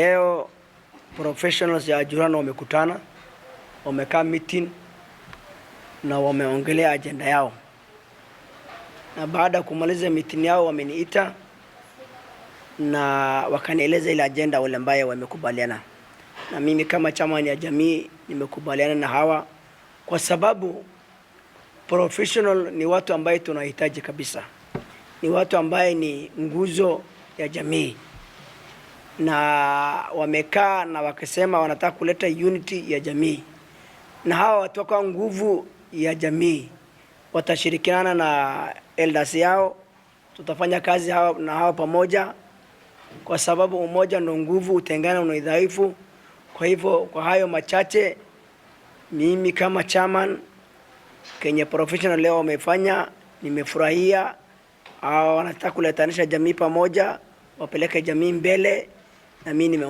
Leo professionals ya Ajurana wamekutana, wamekaa meeting na wameongelea ajenda yao, na baada ya kumaliza meeting yao wameniita na wakanieleza ile ajenda wale ambayo wamekubaliana na mimi. Kama chama ya jamii nimekubaliana na hawa, kwa sababu professional ni watu ambaye tunahitaji kabisa, ni watu ambaye ni nguzo ya jamii na wamekaa na wakisema wanataka kuleta unity ya jamii, na hawa watoka nguvu ya jamii watashirikiana na elders yao, tutafanya kazi hawa na hawa pamoja, kwa sababu umoja ndio nguvu, utengana na udhaifu. Kwa hivyo kwa hayo machache, mimi kama chairman kenye professional leo wamefanya nimefurahia. Hawa wanataka kuletanisha jamii pamoja, wapeleke jamii mbele na mimi nime